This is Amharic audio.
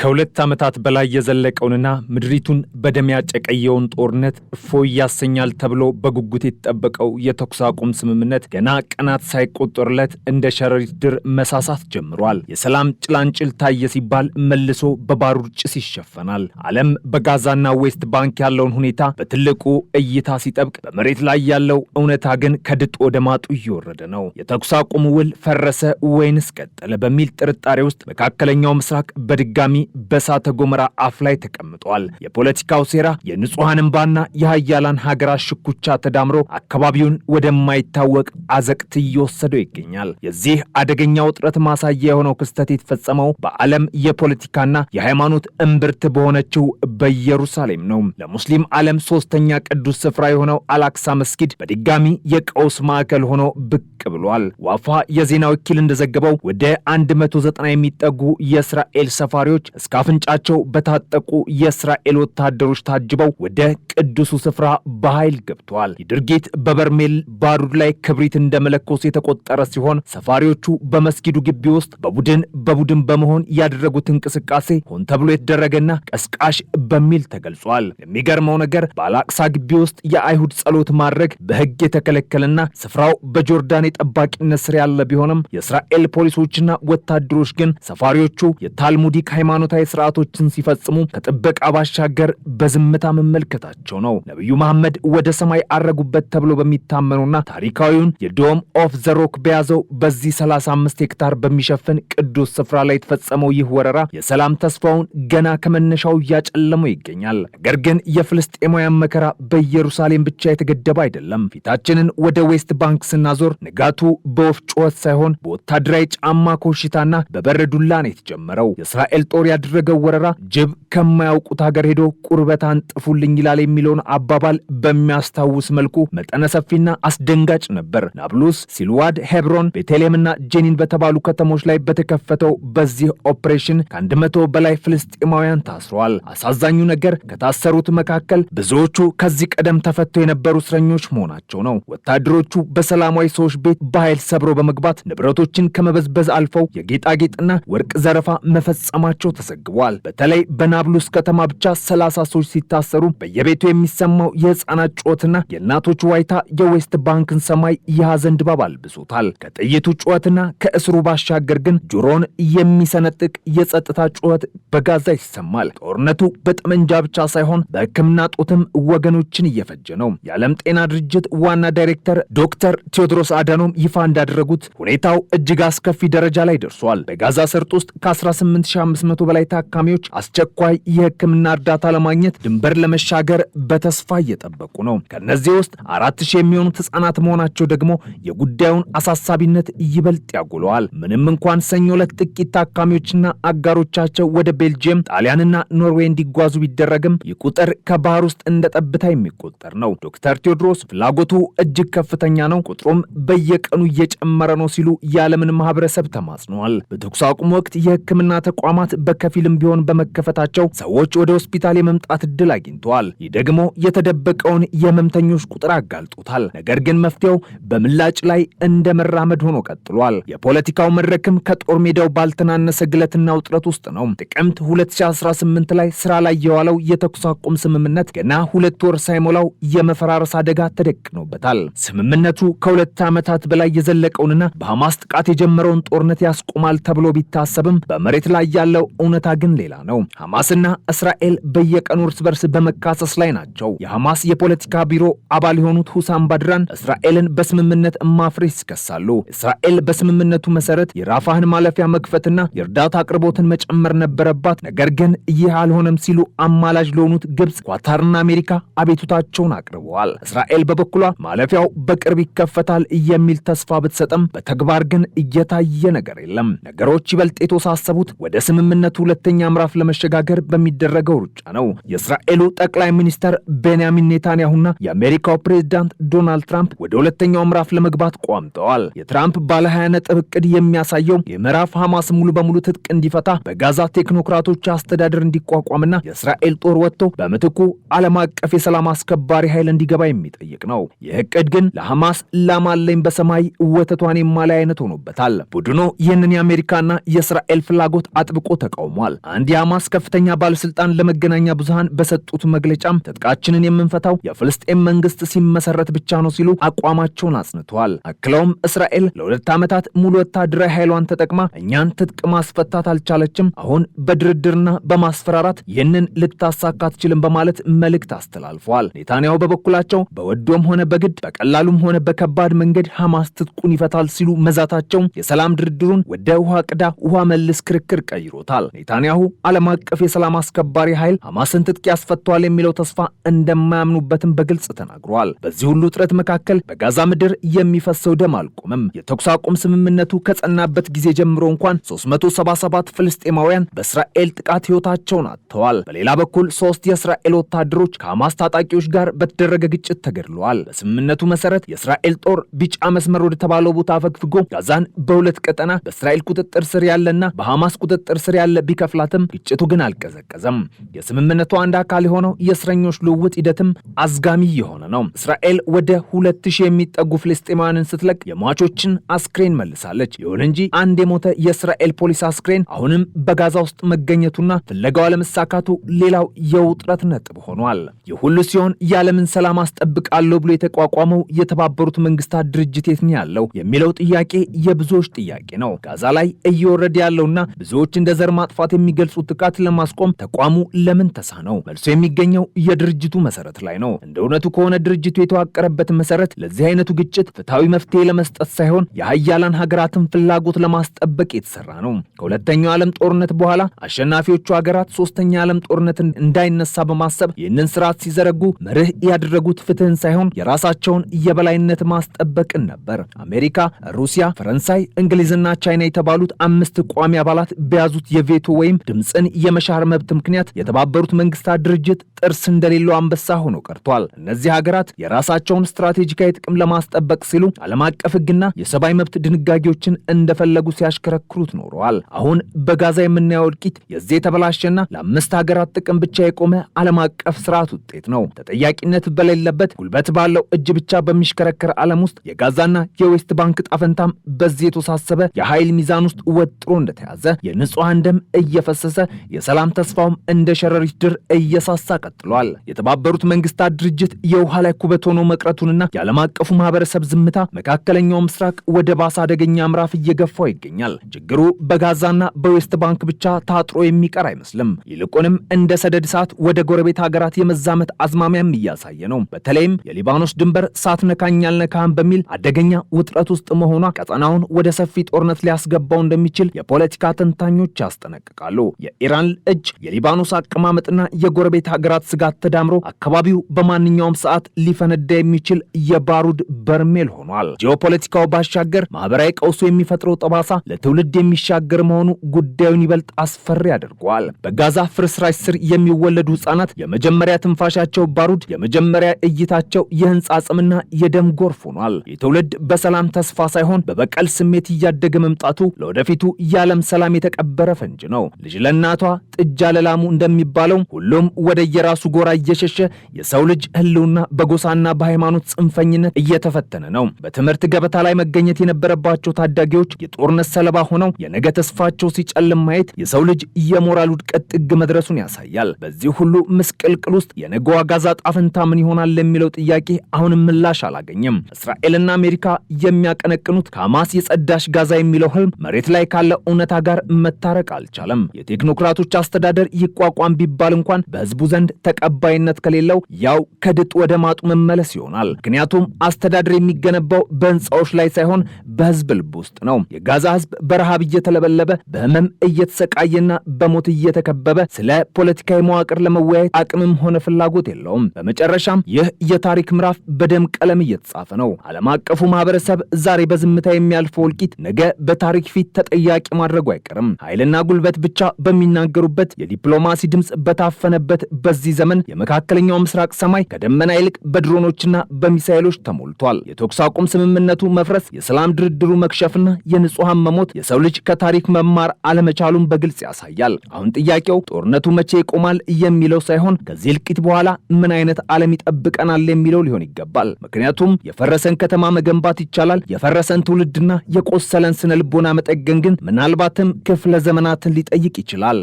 ከሁለት ዓመታት በላይ የዘለቀውንና ምድሪቱን በደም ያጨቀየውን ጦርነት እፎይ ያሰኛል ተብሎ በጉጉት የተጠበቀው የተኩስ አቁም ስምምነት ገና ቀናት ሳይቆጠርለት እንደ ሸረሪት ድር መሳሳት ጀምሯል። የሰላም ጭላንጭል ታየ ሲባል መልሶ በባሩድ ጭስ ይሸፈናል። ዓለም በጋዛና ዌስት ባንክ ያለውን ሁኔታ በትልቁ እይታ ሲጠብቅ፣ በመሬት ላይ ያለው እውነታ ግን ከድጡ ወደ ማጡ እየወረደ ነው። የተኩስ አቁም ውል ፈረሰ ወይንስ ቀጠለ በሚል ጥርጣሬ ውስጥ መካከለኛው ምስራቅ በድጋሚ በእሳተ ገሞራ አፍ ላይ ተቀምጧል። የፖለቲካው ሴራ፣ የንጹሐን እንባና የሀያላን ሀገራት ሽኩቻ ተዳምሮ አካባቢውን ወደማይታወቅ አዘቅት እየወሰደው ይገኛል። የዚህ አደገኛ ውጥረት ማሳያ የሆነው ክስተት የተፈጸመው በዓለም የፖለቲካና የሃይማኖት እምብርት በሆነችው በኢየሩሳሌም ነው። ለሙስሊም ዓለም ሶስተኛ ቅዱስ ስፍራ የሆነው አላክሳ መስጊድ በድጋሚ የቀውስ ማዕከል ሆኖ ብቅ ብሏል። ዋፋ የዜና ወኪል እንደዘገበው ወደ 190 የሚጠጉ የእስራኤል ሰፋሪዎች እስከ አፍንጫቸው በታጠቁ የእስራኤል ወታደሮች ታጅበው ወደ ቅዱሱ ስፍራ በኃይል ገብተዋል። ይህ በበርሜል ባሩድ ላይ ክብሪት እንደመለኮስ የተቆጠረ ሲሆን ሰፋሪዎቹ በመስጊዱ ግቢ ውስጥ በቡድን በቡድን በመሆን ያደረጉት እንቅስቃሴ ሆን ተብሎ የተደረገና ቀስቃሽ በሚል ተገልጿል። የሚገርመው ነገር በአላቅሳ ግቢ ውስጥ የአይሁድ ጸሎት ማድረግ በሕግ የተከለከለና ስፍራው በጆርዳን የጠባቂነት ስር ያለ ቢሆንም የእስራኤል ፖሊሶችና ወታደሮች ግን ሰፋሪዎቹ የታልሙዲክ ሃይማኖት ሃይማኖታዊ ስርዓቶችን ሲፈጽሙ ከጥበቃ ባሻገር በዝምታ መመልከታቸው ነው። ነቢዩ መሐመድ ወደ ሰማይ አረጉበት ተብሎ በሚታመኑና ታሪካዊውን የዶም ኦፍ ዘሮክ በያዘው በዚህ 35 ሄክታር በሚሸፍን ቅዱስ ስፍራ ላይ የተፈጸመው ይህ ወረራ የሰላም ተስፋውን ገና ከመነሻው እያጨለመው ይገኛል። ነገር ግን የፍልስጤማውያን መከራ በኢየሩሳሌም ብቻ የተገደበ አይደለም። ፊታችንን ወደ ዌስት ባንክ ስናዞር ንጋቱ በወፍ ጩኸት ሳይሆን በወታደራዊ ጫማ ኮሽታና በበር ዱላ ነው የተጀመረው። የእስራኤል ጦር ያደረገው ወረራ ጅብ ከማያውቁት ሀገር ሄዶ ቁርበት አንጥፉልኝ ይላል የሚለውን አባባል በሚያስታውስ መልኩ መጠነ ሰፊና አስደንጋጭ ነበር። ናብሉስ፣ ሲልዋድ፣ ሄብሮን፣ ቤተልሔምና ጄኒን በተባሉ ከተሞች ላይ በተከፈተው በዚህ ኦፕሬሽን ከአንድ መቶ በላይ ፍልስጤማውያን ታስረዋል። አሳዛኙ ነገር ከታሰሩት መካከል ብዙዎቹ ከዚህ ቀደም ተፈተው የነበሩ እስረኞች መሆናቸው ነው። ወታደሮቹ በሰላማዊ ሰዎች ቤት በኃይል ሰብሮ በመግባት ንብረቶችን ከመበዝበዝ አልፈው የጌጣጌጥና ወርቅ ዘረፋ መፈጸማቸው ተዘግቧል። በተለይ በናብሉስ ከተማ ብቻ ሰላሳ ሰዎች ሲታሰሩ በየቤቱ የሚሰማው የህፃናት ጩኸትና የእናቶች ዋይታ የዌስት ባንክን ሰማይ የሐዘን ድባብ አልብሶታል። ከጥይቱ ጩኸትና ከእስሩ ባሻገር ግን ጆሮን የሚሰነጥቅ የጸጥታ ጩኸት በጋዛ ይሰማል። ጦርነቱ በጠመንጃ ብቻ ሳይሆን በሕክምና ጦትም ወገኖችን እየፈጀ ነው። የዓለም ጤና ድርጅት ዋና ዳይሬክተር ዶክተር ቴዎድሮስ አዳኖም ይፋ እንዳደረጉት ሁኔታው እጅግ አስከፊ ደረጃ ላይ ደርሷል። በጋዛ ሰርጥ ውስጥ ከ18500 በላይ ታካሚዎች አስቸኳይ የህክምና እርዳታ ለማግኘት ድንበር ለመሻገር በተስፋ እየጠበቁ ነው። ከእነዚህ ውስጥ አራት ሺህ የሚሆኑት ህጻናት መሆናቸው ደግሞ የጉዳዩን አሳሳቢነት ይበልጥ ያጉለዋል። ምንም እንኳን ሰኞ ዕለት ጥቂት ታካሚዎችና አጋሮቻቸው ወደ ቤልጅየም፣ ጣሊያንና ኖርዌይ እንዲጓዙ ቢደረግም ይህ ቁጥር ከባህር ውስጥ እንደ ጠብታ የሚቆጠር ነው። ዶክተር ቴዎድሮስ ፍላጎቱ እጅግ ከፍተኛ ነው፣ ቁጥሩም በየቀኑ እየጨመረ ነው ሲሉ የዓለምን ማህበረሰብ ተማጽነዋል። በተኩስ አቁም ወቅት የህክምና ተቋማት በክ በከፊልም ቢሆን በመከፈታቸው ሰዎች ወደ ሆስፒታል የመምጣት እድል አግኝተዋል። ይህ ደግሞ የተደበቀውን የህመምተኞች ቁጥር አጋልጦታል። ነገር ግን መፍትሄው በምላጭ ላይ እንደ መራመድ ሆኖ ቀጥሏል። የፖለቲካው መድረክም ከጦር ሜዳው ባልተናነሰ ግለትና ውጥረት ውስጥ ነው። ጥቅምት 2018 ላይ ስራ ላይ የዋለው የተኩስ አቁም ስምምነት ገና ሁለት ወር ሳይሞላው የመፈራረስ አደጋ ተደቅኖበታል። ስምምነቱ ከሁለት ዓመታት በላይ የዘለቀውንና በሐማስ ጥቃት የጀመረውን ጦርነት ያስቆማል ተብሎ ቢታሰብም በመሬት ላይ ያለው እውነታ ግን ሌላ ነው። ሐማስና እስራኤል በየቀኑ እርስ በርስ በመካሰስ ላይ ናቸው። የሐማስ የፖለቲካ ቢሮ አባል የሆኑት ሁሳም ባድራን እስራኤልን በስምምነት ማፍረስ ይከሳሉ። እስራኤል በስምምነቱ መሰረት የራፋህን ማለፊያ መክፈትና የእርዳታ አቅርቦትን መጨመር ነበረባት፣ ነገር ግን ይህ አልሆነም ሲሉ አማላጅ ለሆኑት ግብፅ፣ ኳታርና አሜሪካ አቤቱታቸውን አቅርበዋል። እስራኤል በበኩሏ ማለፊያው በቅርብ ይከፈታል የሚል ተስፋ ብትሰጥም በተግባር ግን እየታየ ነገር የለም። ነገሮች ይበልጥ የተወሳሰቡት ወደ ስምምነቱ ወደ ሁለተኛ ምዕራፍ ለመሸጋገር በሚደረገው ሩጫ ነው። የእስራኤሉ ጠቅላይ ሚኒስተር ቤንያሚን ኔታንያሁና የአሜሪካው ፕሬዝዳንት ዶናልድ ትራምፕ ወደ ሁለተኛው ምዕራፍ ለመግባት ቋምጠዋል። የትራምፕ ባለ 20 ነጥብ እቅድ የሚያሳየው የምዕራፍ ሐማስ ሙሉ በሙሉ ትጥቅ እንዲፈታ በጋዛ ቴክኖክራቶች አስተዳደር እንዲቋቋምና የእስራኤል ጦር ወጥቶ በምትኩ ዓለም አቀፍ የሰላም አስከባሪ ኃይል እንዲገባ የሚጠይቅ ነው። ይህ እቅድ ግን ለሐማስ ላማለኝ በሰማይ ወተቷን የማላይ አይነት ሆኖበታል። ቡድኑ ይህንን የአሜሪካና የእስራኤል ፍላጎት አጥብቆ ተቃውሞ ተቃውሟል። አንድ የሐማስ ከፍተኛ ባለስልጣን ለመገናኛ ብዙሃን በሰጡት መግለጫም ትጥቃችንን የምንፈታው የፍልስጤም መንግስት ሲመሰረት ብቻ ነው ሲሉ አቋማቸውን አጽንተዋል። አክለውም እስራኤል ለሁለት ዓመታት ሙሉ ወታደራዊ ኃይሏን ተጠቅማ እኛን ትጥቅ ማስፈታት አልቻለችም። አሁን በድርድርና በማስፈራራት ይህንን ልታሳካ አትችልም በማለት መልእክት አስተላልፏል። ኔታንያሁ በበኩላቸው በወዶም ሆነ በግድ በቀላሉም ሆነ በከባድ መንገድ ሐማስ ትጥቁን ይፈታል ሲሉ መዛታቸው የሰላም ድርድሩን ወደ ውሃ ቅዳ ውሃ መልስ ክርክር ቀይሮታል። ኔታንያሁ ዓለም አቀፍ የሰላም አስከባሪ ኃይል ሐማስን ትጥቅ ያስፈቷል የሚለው ተስፋ እንደማያምኑበትም በግልጽ ተናግሯል። በዚህ ሁሉ ጥረት መካከል በጋዛ ምድር የሚፈሰው ደም አልቆምም። የተኩስ አቁም ስምምነቱ ከጸናበት ጊዜ ጀምሮ እንኳን 377 ፍልስጤማውያን በእስራኤል ጥቃት ሕይወታቸውን አጥተዋል። በሌላ በኩል ሶስት የእስራኤል ወታደሮች ከሐማስ ታጣቂዎች ጋር በተደረገ ግጭት ተገድለዋል። በስምምነቱ መሠረት የእስራኤል ጦር ቢጫ መስመር ወደ ተባለው ቦታ አፈግፍጎ ጋዛን በሁለት ቀጠና በእስራኤል ቁጥጥር ስር ያለና በሐማስ ቁጥጥር ስር ያለ ቢከፍላትም ግጭቱ ግን አልቀዘቀዘም። የስምምነቱ አንድ አካል የሆነው የእስረኞች ልውውጥ ሂደትም አዝጋሚ የሆነ ነው። እስራኤል ወደ ሁለት ሺህ የሚጠጉ ፍልስጤማውያንን ስትለቅ የሟቾችን አስክሬን መልሳለች። ይሁን እንጂ አንድ የሞተ የእስራኤል ፖሊስ አስክሬን አሁንም በጋዛ ውስጥ መገኘቱና ፍለጋው አለመሳካቱ ሌላው የውጥረት ነጥብ ሆኗል። ይህ ሁሉ ሲሆን የዓለምን ሰላም አስጠብቃለሁ ብሎ የተቋቋመው የተባበሩት መንግስታት ድርጅት የት ነው ያለው የሚለው ጥያቄ የብዙዎች ጥያቄ ነው። ጋዛ ላይ እየወረደ ያለውና ብዙዎች እንደ ዘር ማጥ ማጥፋት የሚገልጹት ጥቃት ለማስቆም ተቋሙ ለምን ተሳነው? መልሶ የሚገኘው የድርጅቱ መሰረት ላይ ነው። እንደ እውነቱ ከሆነ ድርጅቱ የተዋቀረበት መሰረት ለዚህ አይነቱ ግጭት ፍትሐዊ መፍትሄ ለመስጠት ሳይሆን የሀያላን ሀገራትን ፍላጎት ለማስጠበቅ የተሰራ ነው። ከሁለተኛው ዓለም ጦርነት በኋላ አሸናፊዎቹ ሀገራት ሶስተኛ ዓለም ጦርነት እንዳይነሳ በማሰብ ይህንን ስርዓት ሲዘረጉ መርህ ያደረጉት ፍትህን ሳይሆን የራሳቸውን የበላይነት ማስጠበቅን ነበር። አሜሪካ፣ ሩሲያ፣ ፈረንሳይ፣ እንግሊዝና ቻይና የተባሉት አምስት ቋሚ አባላት በያዙት የቬቶ የመብቱ ወይም ድምፅን የመሻር መብት ምክንያት የተባበሩት መንግስታት ድርጅት ጥርስ እንደሌለው አንበሳ ሆኖ ቀርቷል። እነዚህ ሀገራት የራሳቸውን ስትራቴጂካዊ ጥቅም ለማስጠበቅ ሲሉ ዓለም አቀፍ ሕግና የሰብአዊ መብት ድንጋጌዎችን እንደፈለጉ ሲያሽከረክሩት ኖረዋል። አሁን በጋዛ የምናየው እልቂት የዚህ የተበላሸና ለአምስት ሀገራት ጥቅም ብቻ የቆመ ዓለም አቀፍ ስርዓት ውጤት ነው። ተጠያቂነት በሌለበት ጉልበት ባለው እጅ ብቻ በሚሽከረከር ዓለም ውስጥ የጋዛና የዌስት ባንክ ጣፈንታም በዚህ የተወሳሰበ የኃይል ሚዛን ውስጥ ወጥሮ እንደተያዘ የንጹሐን ደም እየፈሰሰ የሰላም ተስፋውም እንደ ሸረሪት ድር እየሳሳ ቀጥሏል። የተባበሩት መንግስታት ድርጅት የውሃ ላይ ኩበት ሆኖ መቅረቱንና የዓለም አቀፉ ማህበረሰብ ዝምታ መካከለኛው ምስራቅ ወደ ባሰ አደገኛ ምዕራፍ እየገፋው ይገኛል። ችግሩ በጋዛና በዌስት ባንክ ብቻ ታጥሮ የሚቀር አይመስልም። ይልቁንም እንደ ሰደድ እሳት ወደ ጎረቤት ሀገራት የመዛመት አዝማሚያም እያሳየ ነው። በተለይም የሊባኖስ ድንበር ሳትነካኝ አልነካህም በሚል አደገኛ ውጥረት ውስጥ መሆኗ ቀጠናውን ወደ ሰፊ ጦርነት ሊያስገባው እንደሚችል የፖለቲካ ተንታኞች ያስጠነቅ ይጠነቀቃሉ። የኢራን እጅ፣ የሊባኖስ አቀማመጥና የጎረቤት ሀገራት ስጋት ተዳምሮ አካባቢው በማንኛውም ሰዓት ሊፈነዳ የሚችል የባሩድ በርሜል ሆኗል። ጂኦፖለቲካው ባሻገር ማህበራዊ ቀውሱ የሚፈጥረው ጠባሳ ለትውልድ የሚሻገር መሆኑ ጉዳዩን ይበልጥ አስፈሪ አድርጓል። በጋዛ ፍርስራሽ ስር የሚወለዱ ህጻናት የመጀመሪያ ትንፋሻቸው ባሩድ፣ የመጀመሪያ እይታቸው የህንጻ ጽምና የደም ጎርፍ ሆኗል። የትውልድ በሰላም ተስፋ ሳይሆን በበቀል ስሜት እያደገ መምጣቱ ለወደፊቱ የዓለም ሰላም የተቀበረ ፈንጅ ነው። ነው። ልጅ ለእናቷ ጥጃ ለላሙ እንደሚባለው ሁሉም ወደ የራሱ ጎራ እየሸሸ የሰው ልጅ ህልውና በጎሳና በሃይማኖት ጽንፈኝነት እየተፈተነ ነው። በትምህርት ገበታ ላይ መገኘት የነበረባቸው ታዳጊዎች የጦርነት ሰለባ ሆነው የነገ ተስፋቸው ሲጨልም ማየት የሰው ልጅ የሞራል ውድቀት ጥግ መድረሱን ያሳያል። በዚህ ሁሉ ምስቅልቅል ውስጥ የነገ ጋዛ ጣፍንታ ምን ይሆናል ለሚለው ጥያቄ አሁንም ምላሽ አላገኘም። እስራኤልና አሜሪካ የሚያቀነቅኑት ከሐማስ የጸዳሽ ጋዛ የሚለው ህልም መሬት ላይ ካለ እውነታ ጋር መታረቅ አልቻል። አልቻለም። የቴክኖክራቶች አስተዳደር ይቋቋም ቢባል እንኳን በህዝቡ ዘንድ ተቀባይነት ከሌለው ያው ከድጡ ወደ ማጡ መመለስ ይሆናል። ምክንያቱም አስተዳደር የሚገነባው በህንፃዎች ላይ ሳይሆን በህዝብ ልብ ውስጥ ነው። የጋዛ ህዝብ በረሃብ እየተለበለበ በህመም እየተሰቃየና በሞት እየተከበበ ስለ ፖለቲካዊ መዋቅር ለመወያየት አቅምም ሆነ ፍላጎት የለውም። በመጨረሻም ይህ የታሪክ ምዕራፍ በደም ቀለም እየተጻፈ ነው። ዓለም አቀፉ ማህበረሰብ ዛሬ በዝምታ የሚያልፈው እልቂት ነገ በታሪክ ፊት ተጠያቂ ማድረጉ አይቀርም። ኃይልና ጉልበት ጉልበት ብቻ በሚናገሩበት የዲፕሎማሲ ድምፅ በታፈነበት በዚህ ዘመን የመካከለኛው ምስራቅ ሰማይ ከደመና ይልቅ በድሮኖችና በሚሳይሎች ተሞልቷል። የተኩስ አቁም ስምምነቱ መፍረስ፣ የሰላም ድርድሩ መክሸፍና የንጹሐን መሞት የሰው ልጅ ከታሪክ መማር አለመቻሉን በግልጽ ያሳያል። አሁን ጥያቄው ጦርነቱ መቼ ይቆማል የሚለው ሳይሆን ከዚህ እልቂት በኋላ ምን አይነት ዓለም ይጠብቀናል የሚለው ሊሆን ይገባል። ምክንያቱም የፈረሰን ከተማ መገንባት ይቻላል። የፈረሰን ትውልድና የቆሰለን ስነ ልቦና መጠገን ግን ምናልባትም ክፍለ ዘመናትን ሊጠይቅ ይችላል።